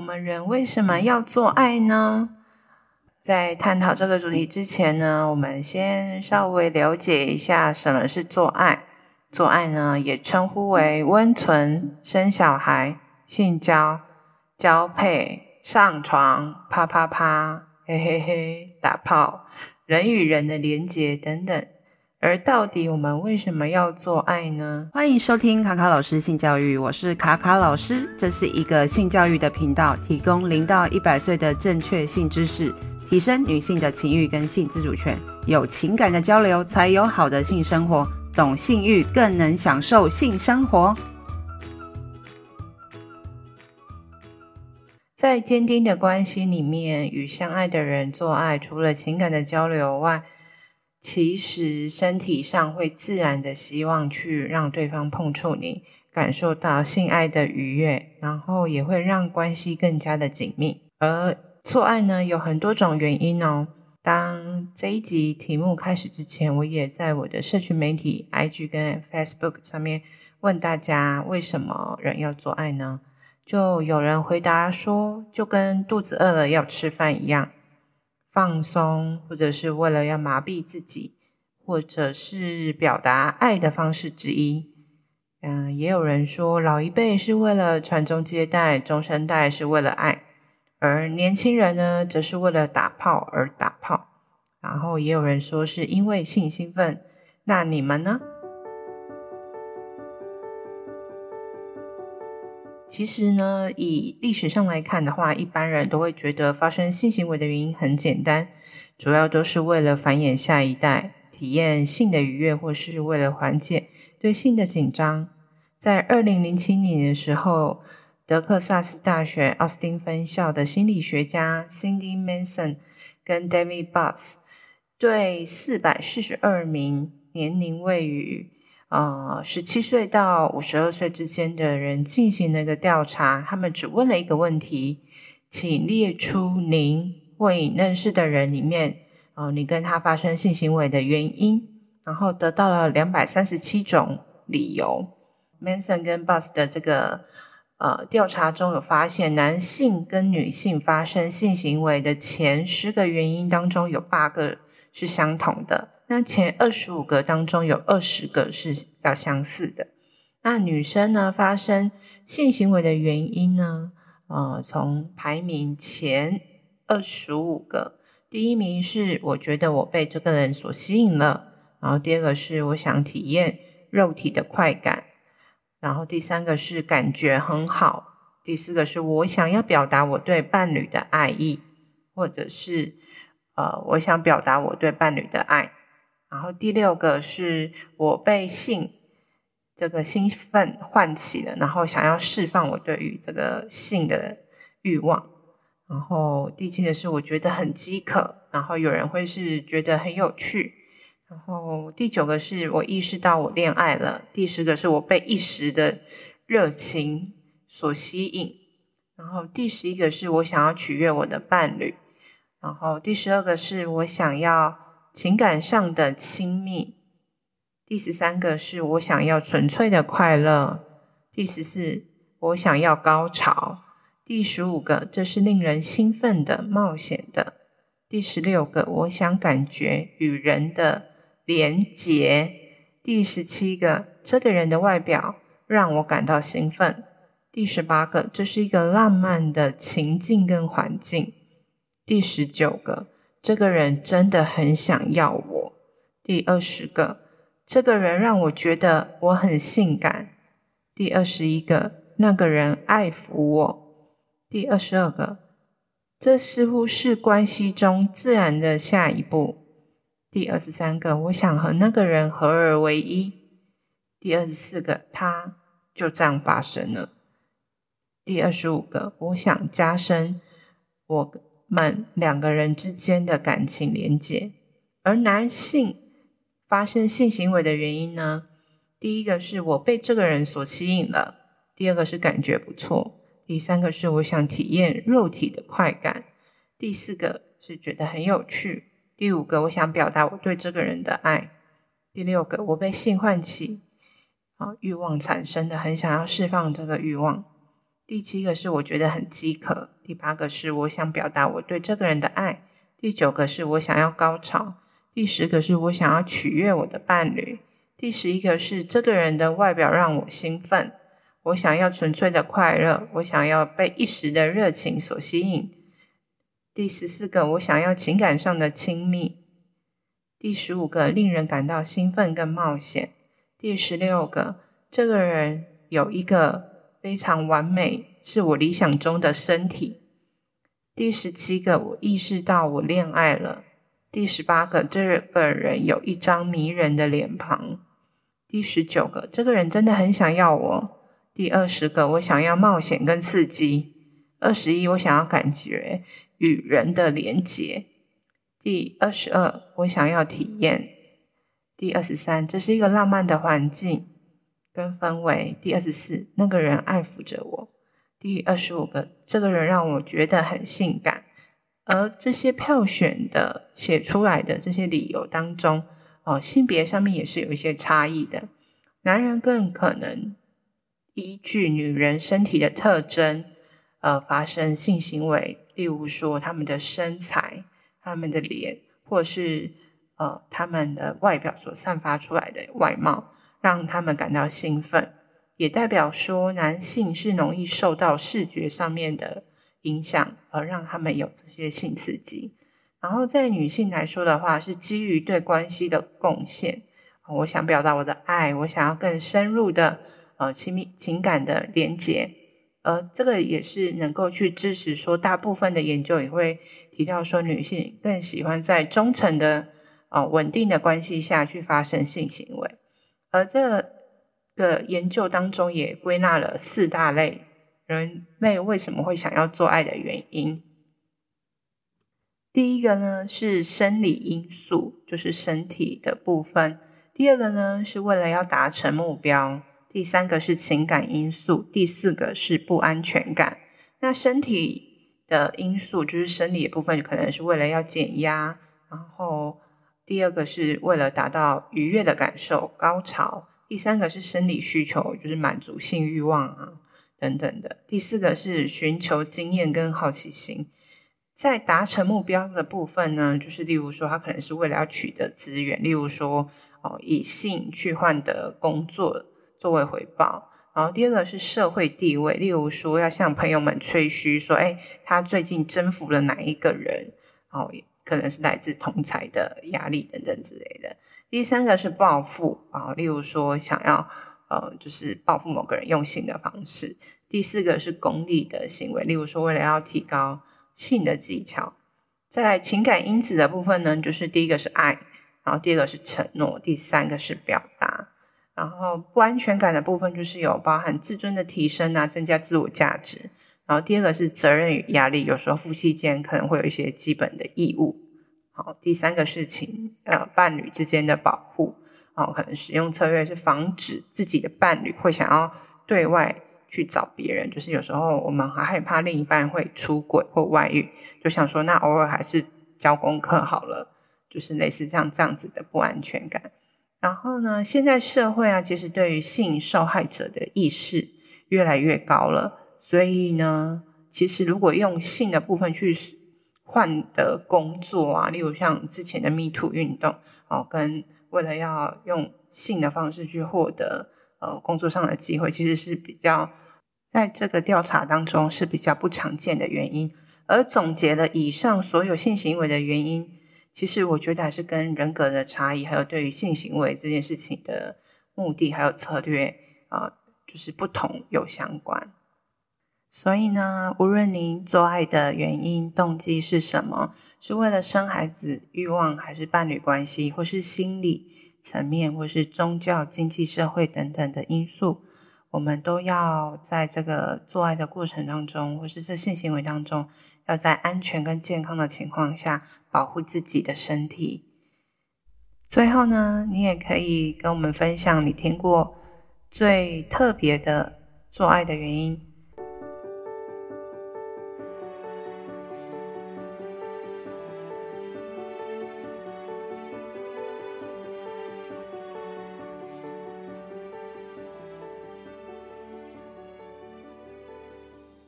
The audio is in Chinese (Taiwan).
我們人為什麼要做愛呢？在探討這個主題之前呢，我們先稍微了解一下什麼是做愛。做愛呢，也稱呼為溫存、生小孩、性交、交配、上床、啪啪啪、嘿嘿嘿、打炮、人與人的連結等等。而到底我們為什麼要做愛呢？歡迎收聽卡卡老師性教育，我是卡卡老師，這是一個性教育的頻道，提供零到一百歲的正確性知識，提升女性的情欲跟性自主權，有情感的交流才有好的性生活，懂性欲更能享受性生活。在堅定的關係裡面，與相愛的人做愛，除了情感的交流外，其實身體上會自然的希望去讓對方碰觸你，感受到性愛的愉悅，然後也會讓關係更加的緊密。而做愛呢，有很多種原因哦。當這一集題目開始之前，我也在我的社群媒體 IG 跟 Facebook 上面問大家，為什麼人要做愛呢？就有人回答說，就跟肚子餓了要吃飯一樣。放鬆，或者是為了要麻痹自己，或者是表達愛的方式之一。嗯、呃，也有人說老一輩是為了傳宗接代，中生代是為了愛，而年輕人呢，則是為了打炮而打炮。然後也有人說是因為性興奮。那你們呢？其實呢，以歷史上來看的話，一般人都會覺得發生性行為的原因很簡單，主要都是為了繁衍下一代、體驗性的愉悅，或是為了緩解對性的緊張。在二零零七年的時候，德克薩斯大學奧斯汀分校的心理學家 Cindy Meston 跟 David Buss 對四百四十二名年齡位於呃，十七歲到五十二歲之間的人進行了一個調查，他們只問了一個問題，請列出您或您認識的人裡面，哦、呃，你跟他發生性行為的原因，然後得到了兩百三十七種理由。Meston 跟 Buss 的這個呃調查中有發現，男性跟女性發生性行為的前十個原因當中，有八個是相同的。那前二十五個當中有二十個是比較相似的。那女生呢，發生性行為的原因呢？呃，從排名前二十五個，第一名是我覺得我被這個人所吸引了，然後第二個是我想體驗肉體的快感，然後第三個是感覺很好，第四個是我想要表達我對伴侶的愛意，或者是呃，我想表達我對伴侶的愛。然後第六個是我被性這個興奮喚起了，然後想要釋放我對於這個性的慾望。然後第七個是我覺得很飢渴，然後有人會是覺得很有趣。然後第九個是我意識到我戀愛了。第十個是我被一時的熱情所吸引。然後第十一個是我想要取悅我的伴侶。然後第十二個是我想要情感上的親密。第十三個是我想要純粹的快樂。第十四，我想要高潮。第十五個，這是令人興奮的，冒險的。第十六個，我想感覺與人的連結。第十七個，這個人的外表讓我感到興奮。第十八個，這是一個浪漫的情境跟環境。第十九個，這個人真的很想要我。第二十個，這個人讓我覺得我很性感。第二十一個，那個人愛撫我。第二十二個，這似乎是關係中自然的下一步。第二十三個，我想和那個人合而為一。第二十四個，他就這樣發生了。第二十五個，我想加深我。滿兩個人之間的感情連接，而男性發生性行為的原因呢？第一個是我被這個人所吸引了，第二個是感覺不錯，第三個是我想體驗肉體的快感，第四個是覺得很有趣，第五個我想表達我對這個人的愛，第六個我被性喚起，啊，欲望產生的，很想要釋放這個欲望。第七個是我覺得很飢渴，第八個是我想表達我對這個人的愛，第九個是我想要高潮，第十個是我想要取悅我的伴侶，第十一個是這個人的外表讓我興奮，我想要純粹的快樂，我想要被一時的熱情所吸引，第十四個我想要情感上的親密，第十五個令人感到興奮跟冒險，第十六個這個人有一個。非常完美，是我理想中的身體。第十七個，我意識到我戀愛了。第十八個，這個人有一張迷人的臉龐。第十九個，這個人真的很想要我。第二十個，我想要冒險跟刺激。二十一，我想要感覺與人的連結。第二十二，我想要體驗。第二十三，這是一個浪漫的環境。跟分為第二十四那個人愛撫着我，第二十五個這個人讓我覺得很性感。而這些票選的，寫出來的這些理由當中，哦，性別上面也是有一些差異的。男人更可能依據女人身體的特徵而、呃、發生性行為，例如說他們的身材、他們的臉，或是呃他們的外表所散發出來的外貌。讓他們感到興奮，也代表說男性是容易受到視覺上面的影響，而讓他們有這些性刺激。然後在女性來說的話，是基於對關係的貢獻，我想表達我的愛，我想要更深入的呃親密情感的連結。呃，這個也是能夠去支持說，大部分的研究也會提到說，女性更喜歡在忠誠的呃穩定的關係下去發生性行為。而這個研究當中也歸納了四大類人類為什麼會想要做愛的原因。第一個呢是生理因素，就是身體的部分；第二個呢是為了要達成目標；第三個是情感因素；第四個是不安全感。那身體的因素就是生理的部分，可能是為了要減壓，然後。第二個是為了達到愉悅的感受、高潮；第三個是生理需求，就是滿足性慾望啊等等的；第四個是尋求經驗跟好奇心。在達成目標的部分呢，就是例如說，他可能是為了要取得資源，例如說哦，以性去換得工作作為回報；然後第二個是社會地位，例如說要向朋友們吹噓說，誒、哎，他最近征服了哪一個人，哦。可能是來自同儕的壓力等等之類的。第三個是報復啊，例如說想要呃就是報復某個人，用性的方式。第四個是功利的行為，例如說為了要提高性的技巧。再來情感因子的部分呢，就是第一個是愛，然後第二個是承諾，第三個是表達。然後不安全感的部分就是有包含自尊的提升啊，增加自我價值。然後第二個是責任與壓力，有時候夫妻間可能會有一些基本的義務。好，第三個事情，呃，伴侶之間的保護，哦，可能使用策略是防止自己的伴侶會想要對外去找別人，就是有時候我們還害怕另一半會出軌或外遇，就想說那偶爾還是交功課好了，就是類似這樣這樣子的不安全感。然後呢，現在社會啊，其實對於性受害者的意識越來越高了。所以呢，其實如果用性的部分去換的工作啊，例如像之前的 Me Too 運動哦，跟為了要用性的方式去獲得呃工作上的機會，其實是比較在這個調查當中是比較不常見的原因。而總結了以上所有性行為的原因，其實我覺得還是跟人格的差異，還有對於性行為這件事情的目的還有策略啊、呃，就是不同有相關。所以呢，無論您做愛的原因、動機是什麼，是為了生孩子、欲望，還是伴侶關係，或是心理層面，或是宗教、經濟社會等等的因素，我們都要在這個做愛的過程當中，或是這性行為當中，要在安全跟健康的情況下保護自己的身體。最後呢，你也可以跟我們分享你聽過最特別的做愛的原因。